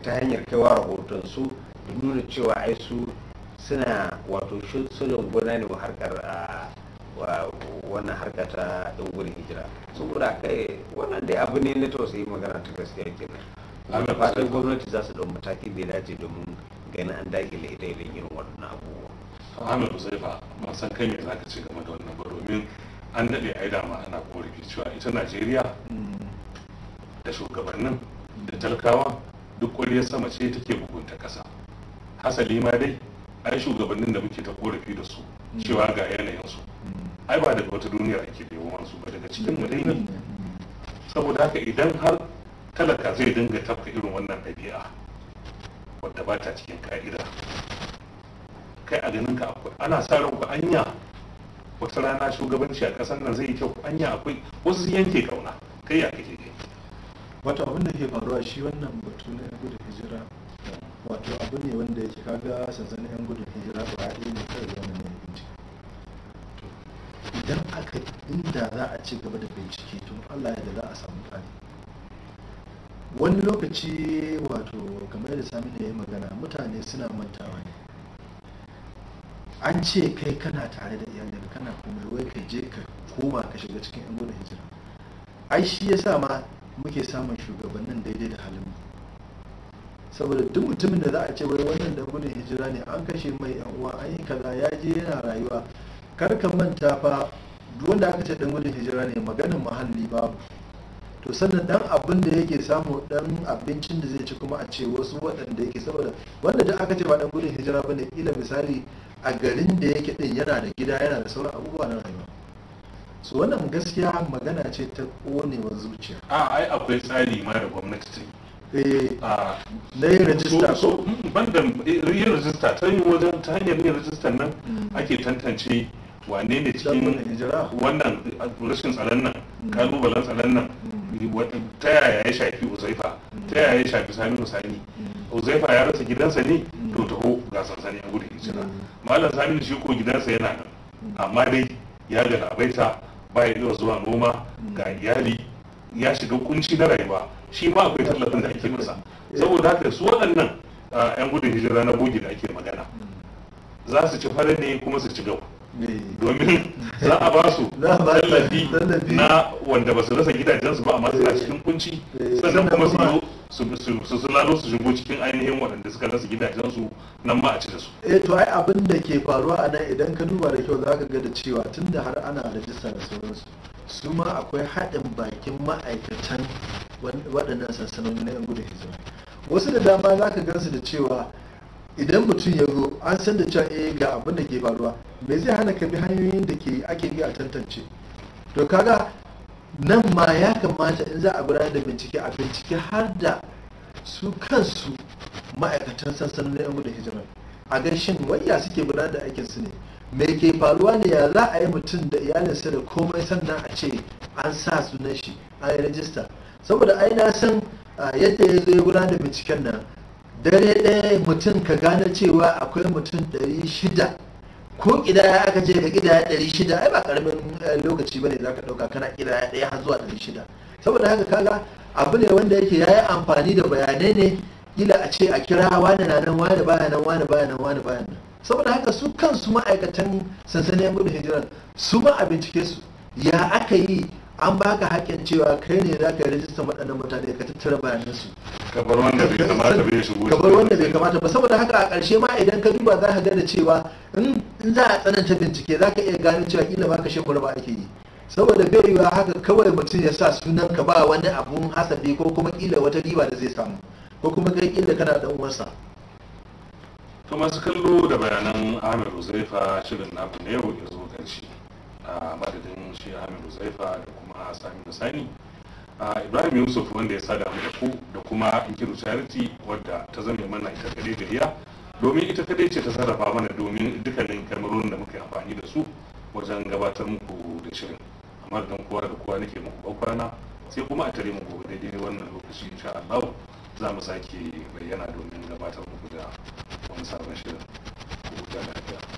ta hanyar kaiwa su da nuna cewa ai su suna wato sulhun gona ne wa harkar wannan harka ta yan gudun hijira saboda kai eh, wannan dai abu ne na tausayi magana ta gaskiya kenan wanda fatan gwamnati za su ɗau matakin da ya dace domin ganin an da ita idan yin wannan abubuwa. Ahmed Uzaifa ban san kai ne za ka ce game da wannan ba domin an daɗe ai dama ana korafi cewa ita Najeriya mm. da shugabannin da talakawa duk ƙwariyar sama ce take bugunta ƙasa hasali ma dai ai shugabannin da muke ta korafi da su cewa ga yanayinsu ai ba daga wata duniya ake neman su ba daga cikin mu dai saboda haka idan har talaka zai dinga tafka irin wannan ɗabi'a wadda ba ta cikin ka'ida kai a ganin ka akwai ana sa ran ku anya wata rana shugabanci a ƙasar nan zai yi kyau anya akwai wasu yanke kauna kai ya kake kai? wato abin da ke faruwa shi wannan batu na yan gudun hijira wato abu ne wanda yake kaga sansanin yan gudun hijira ba a ne kawai wannan ne bincike idan aka inda za a ci gaba da bincike to allah ya za a samu kari wani lokaci wato kamar yadda sami da ya magana mutane suna mantawa ne an ce kai kana tare da iyalinka kana kuma wai ka je ka koma ka shiga cikin yan gudun hijira ai shi yasa ma muke samun shugabannin daidai da halin saboda duk mutumin da za a ce wai wannan da gudun hijira ne an kashe mai yan uwa an yi kaza ya je yana rayuwa kar manta fa duk wanda aka ce dan gudun hijira ne maganin muhalli babu to sannan dan abin da yake samu dan abincin da zai ci kuma a ce wasu waɗanda yake saboda wanda duk aka ce ba dan gudun hijira bane kila misali a garin da yake din yana da gida yana da sauran abubuwa na rayuwa su wannan gaskiya magana ce ta wa zuciya a ah, ai akwai tsari ma da gwamnati ta yi eh, ah, na yin rajista so hmm, banda yin rajista ta yi wajen ta hanyar yin rajista nan hmm. ake tantance wane ne cikin wannan ah, rashin tsaron nan hmm. kalubalen tsaron nan ta yaya ya shafi uzaifa ta yaya ya shafi sani musani uzaifa ya rasa gidansa ne to taho ga sansani a gudun hijira malam sani shi ko gidansa yana nan amma dai ya baita. ba zuwa zuwa noma ga iyali ya shiga kunci na rayuwa shi ma akwai tallafin da ake masa saboda haka su waɗannan ah, 'yan gudun hijira na bugi da ake magana za su ci fara ne kuma su ci gaba domin za a ba su tallafi na wanda ba su rasa gidajensu ba amma suna eh. cikin kunci eh, sannan kuma su zo su su shigo cikin ainihin waɗanda suka rasa gidajensu nan ba a ci da su. eh to ai abin da ke faruwa a nan idan ka duba da kyau za ka ga da cewa tun da har ana rajista da sauransu su ma akwai haɗin bakin ma'aikatan waɗannan sansanoni na yan gudun hijira wasu da dama za ka gansu da cewa idan mutum ya zo an san da cewa eh ga abin da ke faruwa me zai hana ka bi hanyoyin da ke ake bi a tantance to kaga nan ma ya kamata in za a gudanar da bincike a bincike har da su kansu ma'aikatan sansanin na yan gudun hijira a ga shin wayya suke gudanar da aikin su ne me ke faruwa ne ya za a yi mutum da iyalinsa da komai sannan a ce an sa sunan shi A yi rajista saboda ai na san ah, yadda ya zo ya gudanar da binciken nan dare ɗaya mutum ka gane cewa akwai mutum 600 ko ya aka ce ka ƙida ɗari 600 ai ba ƙaramin eh, lokaci ba ne za ka ɗauka kana ƙidaya ɗaya har zuwa 600 saboda haka kaga abu ne wanda yake ya yi amfani da bayanai ne kila a ce a kira wani na nan wani baya nan wani baya nan wani baya nan saboda haka su kansu ma'aikatan sansanin gudun hijirar su ma a bincike su ya aka yi an baka haƙƙin cewa kai ne za ka yi rajistar waɗannan mutane ka tattara bayanansu kamar wanda bai kamata ba saboda haka a ƙarshe ma idan ka duba za ka gane cewa in za a tsananta bincike za ka iya gane cewa kila ka kashe kurba ake yi saboda bai yiwa haka kawai mutum ya sa sunan ka ba wani abun hasabi ko kuma kila wata riba da zai samu ko kuma kai kila kana dan uwansa to masu kallo da bayanan Ahmed Zaifa shirin ne yau ya zo a madadin shi Zaifa da kuma Sami Sani ibrahim yusuf wanda ya sada mu da ku da kuma inkiru charity wadda ta zame mana ita kadai gariya domin ita kadai ce ta sarrafa mana domin dukkanin kalmarorin da muka amfani da su wajen gabatar muku da shirin amma da kowa da kowa nake muku kwana sai kuma a tare mu gobe daidai wannan lokaci insha Allah za mu sake bayyana domin gabatar muku da wani sabon shirin ku huta lafiya